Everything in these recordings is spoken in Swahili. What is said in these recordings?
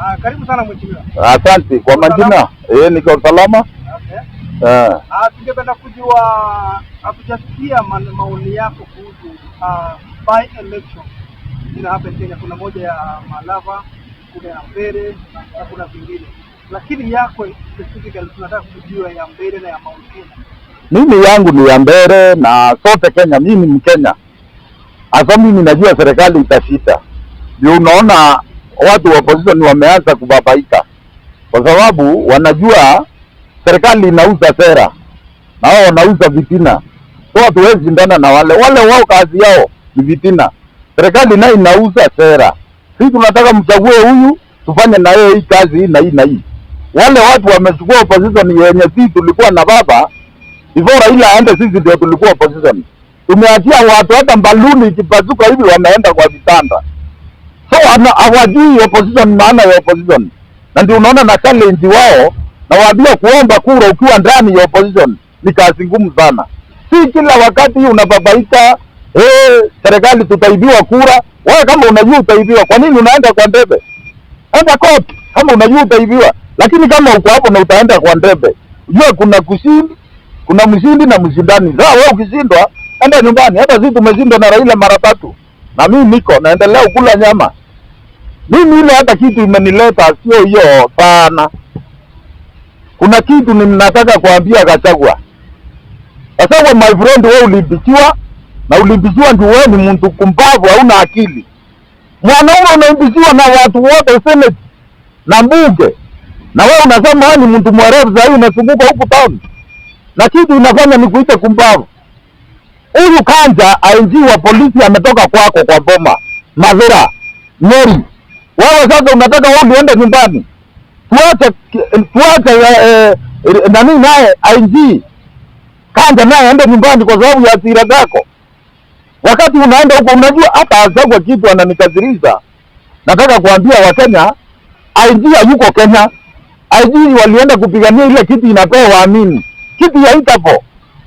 Ah, karibu sana mheshimiwa. Asante kwa majina eh, ni kwa usalama. Okay. Eh. Ah, tungependa kujua hatujasikia maoni yako kuhusu ah, by election. Ina hapa Kenya kuna moja ya Malava, kuna ya Mbere na kuna vingine. Lakini yako specifically tunataka kujua ya Mbere na ya Mount Kenya. Mimi yangu ni ya Mbere na sote Kenya, mimi ni Mkenya. Hasa mimi najua serikali itashita Ndio unaona watu wa opposition wameanza kubabaika, kwa sababu wanajua serikali inauza sera na wao wanauza vitina, so hatuwezi shindana na wale wale. Wao kazi yao ni vitina, serikali nayo inauza sera. Sisi tunataka mchague huyu tufanye na yeye hii kazi hii na hii na hii. Wale watu wamechukua opposition yenye sisi tulikuwa na baba before ila aende, sisi ndio tulikuwa opposition. Tumeachia watu hata mbaluni ikipasuka hivi wanaenda kwa vitanda so hawajui opposition maana ya opposition, na ndio unaona na challenge wao, na waambia kuomba kura ukiwa ndani ya opposition ni kazi ngumu sana, si kila wakati unababaika eh, serikali tutaibiwa kura. Wewe kama unajua utaibiwa, kwa nini unaenda kwa ndebe? Enda court kama unajua utaibiwa, lakini kama uko hapo na utaenda kwa ndebe, jua kuna kushindi, kuna mshindi na mshindani. Sasa wewe ukishindwa, enda nyumbani. Hata sisi tumeshindwa na Raila mara tatu, na mimi niko naendelea kula nyama mimi ile hata kitu imenileta sio hiyo sana. Kuna kitu ninataka kuambia Gachagua. Gachagua, my friend, wewe ulimbikiwa na ulimbikiwa ndio wewe ni mtu kumbavu, hauna akili. Mwanaume unaimbikiwa na watu wote, senate na mbunge, na wewe unasema ni mtu mwerevu, zaidi, unazunguka huku town na kitu inafanya ni kuita kumbavu. Huyu Kanja IG wa polisi ametoka kwako kwa boma Madhira, Nyeri. Wewe sasa unataka wewe uende nyumbani, tuache tuache eh, eh, nani naye IG Kanja naye aende nyumbani kwa sababu ya hasira zako. Wakati unaenda huko, unajua hata Azagwa kitu ananikasirisha. Nataka kuambia Wakenya, IG hayuko Kenya. IG walienda kupigania ile kitu inapewa waamini, kitu ya Itapo,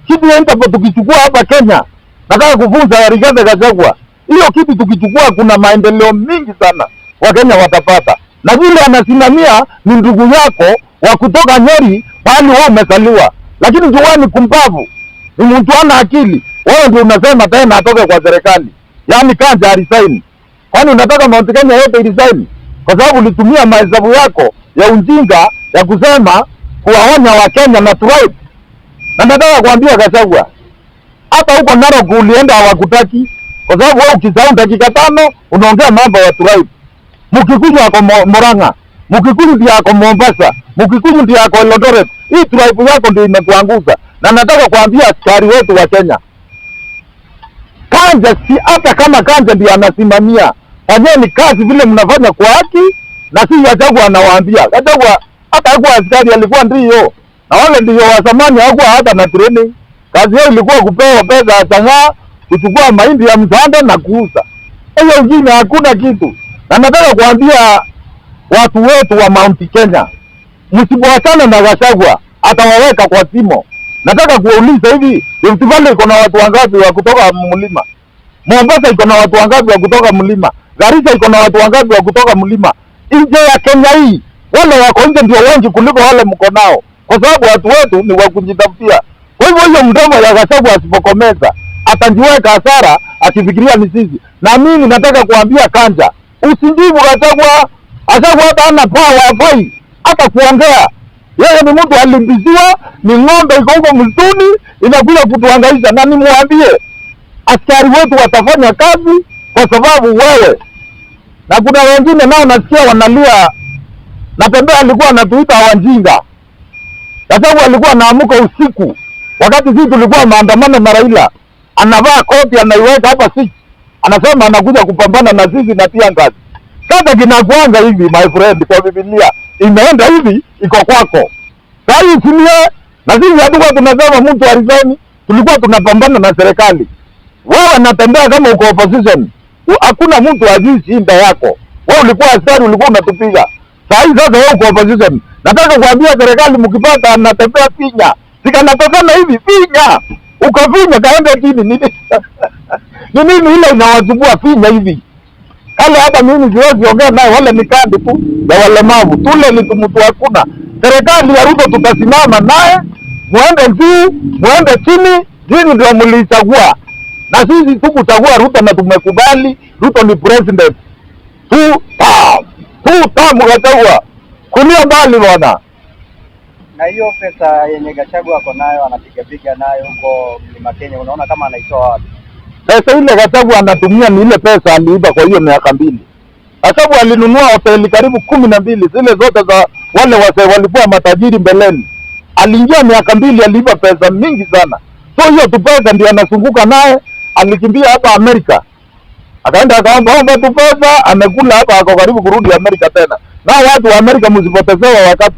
kitu ya Itapo tukichukua hapa Kenya. Nataka kufunza Rigathi Gachagua, hiyo kitu tukichukua, kuna maendeleo mingi sana. Wakenya watapata, na vile anasimamia ni ndugu yako wa kutoka Nyeri pahali wewe umezaliwa, lakini jua ni kumbavu, ni mtu ana akili. Wewe ndio unasema tena atoke kwa serikali, yaani Kanja arisaini. Kwani unataka Mount Kenya yote irisaini? Kwa sababu ulitumia mahesabu yako ya unjinga ya kusema kuwaonya Wakenya na tribe. Na nataka kuambia Gachagua, hata huko Narok ulienda hawakutaki, kwa sababu wewe ukisahau dakika tano unaongea mambo ya tribe mukikuyu ako Murang'a, mukikuyu ndio ako Mombasa, mukikuyu ndio ako Eldoret. Hii tribe yako ndio imekuangusha, na nataka kuambia askari wetu wa Kenya, Kanja si hata kama Kanja ndio anasimamia, fanyeni kazi vile mnafanya kwa haki, na si Wajabu anawaambia. Gachagua hata hakuwa askari, alikuwa ndio na wale ndio wa zamani, hakuwa hata na training. Kazi yao ilikuwa kupewa pesa ya chang'aa, kuchukua mahindi ya msaada na kuuza. Hiyo ujini hakuna kitu na nataka kuambia watu wetu wa Mount Kenya, msibuatana na Gachagua, atawaweka kwa timo. Nataka kuwauliza hivi, Rift Valley iko na watu wangapi wa kutoka mlima? Mombasa iko na watu wangapi wa kutoka mlima? Garissa iko na watu wangapi wa kutoka mlima? Nje ya Kenya hii wale wako nje ndio wengi kuliko wale mko nao, kwa sababu watu wetu ni wa kujitafutia. Kwa hivyo hiyo mdomo ya Gachagua asipokomeza atajiweka hasara, akifikiria ni sisi. Na mimi nataka kuambia Kanja usindivu Gachagua. Gachagua hata hana pawa, hafai hata kuongea. Yeye ni mtu alimbiziwa, ni ng'ombe iko huko msituni inakuja kutuhangaisha. Na nimwambie askari wetu watafanya kazi, kwa sababu wewe na kuna wengine nao nasikia wanalia. natembea alikuwa anatuita wanjinga, Gachagua alikuwa anaamka usiku, wakati sisi tulikuwa maandamano, Maraila anavaa koti anaiweka hapa sisi anasema anakuja kupambana na sisi na pia ngazi. Sasa kinakuanga hivi my friend, kwa Biblia imeenda hivi, iko kwako sasa. simie. na sisi, hatukuwa tunasema mtu arizoni, tulikuwa tunapambana na serikali. Wewe anatembea kama uko opposition, hakuna mtu ajui shinda yako. Wewe ulikuwa askari, ulikuwa unatupiga sasa hivi. Sasa wewe uko opposition, nataka kuambia serikali, mkipata anatembea finya, sikanatokana hivi finya ukafinya kaenda chini ni nini ile inawazubua finya hivi kale hata mimi siwezi ongea naye, wale ni kadi tu ya walemavu tule ni hakuna. Serikali ya Ruto tutasimama naye, mwende juu muende chini, jini ndio mlichagua na sisi tukuchagua Ruto na tumekubali Ruto ni president tu tam tu tam, ukachagua kulia mbali bwana na hiyo pesa yenye Gachagua ako nayo anapigapiga nayo huko Mlima Kenya, unaona kama anaitoa wapi? Pesa ile Gachagua anatumia ni ile pesa aliiba kwa hiyo miaka mbili, sababu alinunua hoteli karibu kumi na mbili zile zote za wale wazee walikuwa matajiri mbeleni. Aliingia miaka mbili, aliiba pesa mingi sana, so hiyo tupesa ndio anazunguka naye. Alikimbia hapa Amerika akaenda akaomba tupesa, amekula hapa, ako karibu kurudi Amerika tena. Na watu wa Amerika msipotezewa wakati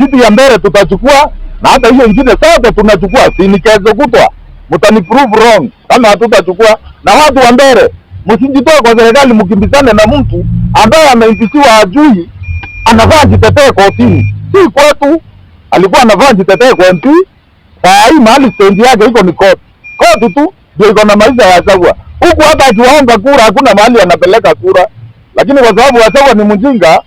Siti ya mbele tutachukua na hata hiyo ingine sote tunachukua, si ni kesho kutwa mtani prove wrong kama hatutachukua. Na watu wa mbele msijitoe kwa serikali, mkimbizane na mtu ambaye ameingisiwa ajui, anavaa jitetee kotini, si kwetu. Alikuwa anavaa jitetee kwa MP, saa hii mahali stendi yake iko ni koti, koti tu ndio iko na maisha ya Chagwa huku. Hata akiwaomba kura hakuna mahali anapeleka kura, lakini kwa sababu Chagwa ni mjinga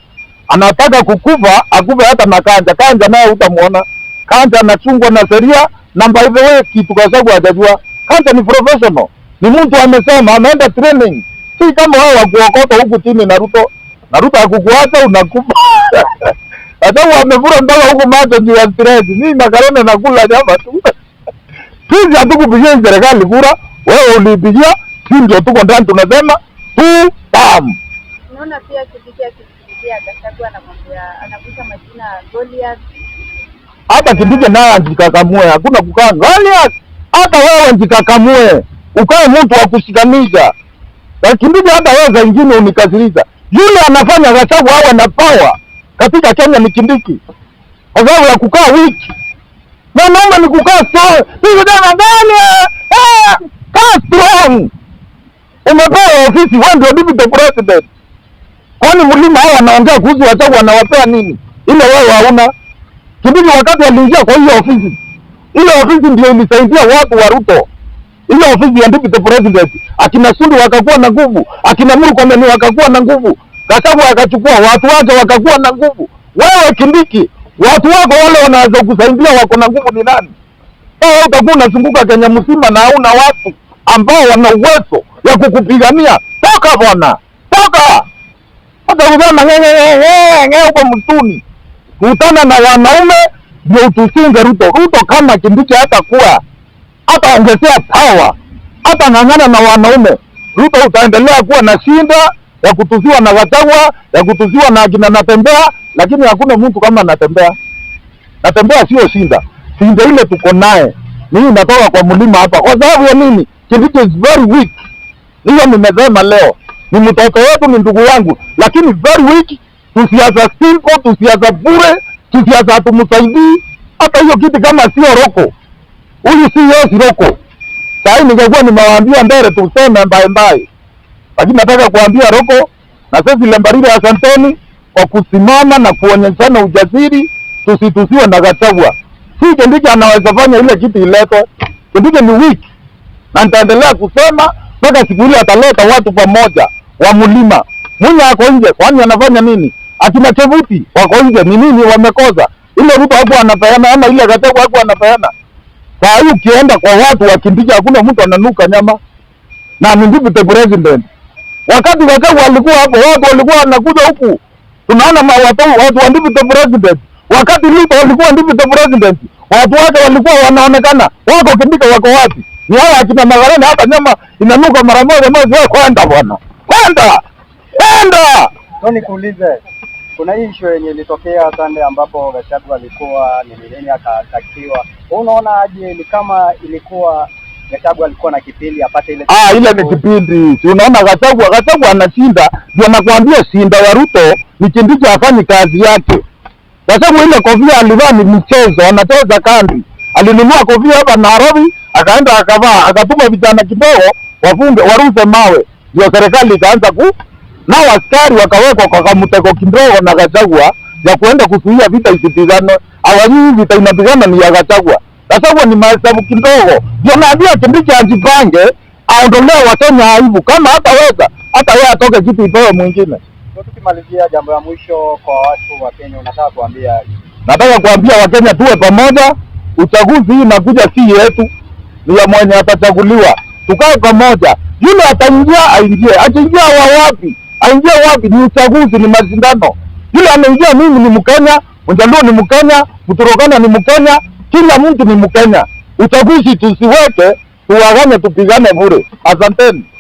anataka kukufa akufe hata na Kanja. Kanja naye utamuona Kanja anachungwa na sheria na by the way kitu kwa sababu hajajua Kanja ni professional, ni mtu amesema ameenda training, si kama wao wakuokota huku chini na Ruto na Ruto akukuacha unakufa hata wamevura mpaka huku macho juu ya stress. Mimi makarone nakula nyama tu sisi hatukupigia serikali kura, wewe ulipigia, si ndio tuko ndani tunasema tu tam. Naona pia kipigia anaingia Gachagua anamwambia anakuita majina Goliath. Hata kipige naye ajikakamue, hakuna kukaa ngali. Hata wewe jikakamue, ukae mtu wa kushikamiza, lakini hata wewe zingine unikasirisha. Yule anafanya Gachagua au anapawa katika Kenya ni Kindiki kwa sababu ya kukaa wiki mwanaume ni kukaa strong. Hizo tena gani? Eh, kaa strong. Umepewa ofisi, wewe ndio deputy president. Kwani mlima hao wanaongea kuhusu wachawi wanawapea nini? Ile wao hauna. Kibidi wakati waliingia kwa hiyo ofisi. Ile ofisi ndio ilisaidia watu wa Ruto. Ile ofisi ya deputy president. Akina Sundu wakakuwa na nguvu, akina Murkomen wakakuwa na nguvu. Kasabu akachukua watu wake wakakuwa na nguvu. Wewe Kindiki, watu wako wale wanaweza kusaidia wako na nguvu ni nani? Wewe utakuwa unazunguka Kenya mzima na hauna watu ambao wana uwezo ya kukupigania. Toka bwana. Toka hata kusema ng'eng'eng'eng'e eh, eh, eh, huko msituni, kutana na wanaume ndio utusinge Ruto. Ruto kama Kindiki hata kuwa hata ongezea pawa hata ng'ang'ana na wanaume, Ruto utaendelea kuwa na shinda ya kutuziwa na Wachagwa, ya kutuziwa na akina Natembea, lakini hakuna mtu kama Natembea. Natembea sio shinda, shinda ile tuko naye mimi natoka kwa mlima hapa. Kwa sababu ya nini? Kindiki is very weak, hiyo nimesema leo ni mtoto wetu, ni ndugu yangu, lakini very weak. Tusiaza simple, tusiaza bure, tusiaza hatumsaidii hata hiyo kiti. Kama sio roko huyu, si Yesu roko. Sasa ningekuwa nimewaambia mbele tuseme mbaye mbaye, lakini nataka kuambia roko na sisi Lembarire, asanteni kwa kusimama na kuonyeshana ujasiri, tusitusiwe na Gachagua. Si Kindiki anaweza fanya ile kiti ileto. Kindiki ni wiki, na nitaendelea kusema mpaka siku ile ataleta watu pamoja wa mlima Munya ako nje, kwani anafanya nini? Akina Chevuti wako nje, ni nini wamekosa? Ile Ruto hapo anapeana ama ile Gachagua hapo anapeana. Saa hii ukienda kwa watu wakimbia, hakuna mtu ananuka nyama na ni the president. Wakati wakati walikuwa hapo, watu walikuwa wanakuja huku, tunaona watu watu wa ndipo the president. Wakati Ruto walikuwa ndipo the president, watu wake walikuwa wanaonekana wako kimbika, wako wapi? Ni hawa akina Magarena, hapa nyama inanuka mara moja moja kwenda bwana. Enda, enda. Nikuulize, kuna hii issue yenye ilitokea Sunday ambapo Gachagua alikuwa ni nini akatakiwa, unaona aje? Ni kama ilikuwa Gachagua alikuwa na kipindi apate ile ah, ile ni kipindi. Si unaona Gachagua, Gachagua anashinda, ndio nakwambia shinda ya Ruto ni kindiki afanye kazi yake, kwa sababu ile kofia alivaa ni mchezo, anacheza kandi. Alinunua kofia hapa Nairobi, akaenda akavaa, akatuma vijana kidogo wafunge waruze mawe ndio serikali ikaanza ku na askari wakawekwa kwa kamteko kidogo na Gachagua ya kuenda kuzuia vita isipigane. Hawajui vita inapigana ni ya Gachagua. Gachagua ni mahesabu kidogo, ndio naambia Kindiki ajipange, aondolee Wakenya aibu. Kama hataweza hata yeye atoke kitu ipewe mwingine. Tukimalizia jambo la mwisho kwa watu wa Kenya, unataka kuambia? Nataka kuambia Wakenya tuwe pamoja. Uchaguzi hii inakuja si yetu, ni ya mwenye atachaguliwa tukae pamoja, yule ataingia aingie, ataingia wa wapi? Aingie wapi? Ni uchaguzi, ni mashindano. Yule anaingia, mimi ni Mkenya, Mjaluo ni Mkenya, Mturukana ni Mkenya, kila mtu ni Mkenya. Uchaguzi tusiweke tuwaganye, tupigane bure. Asanteni.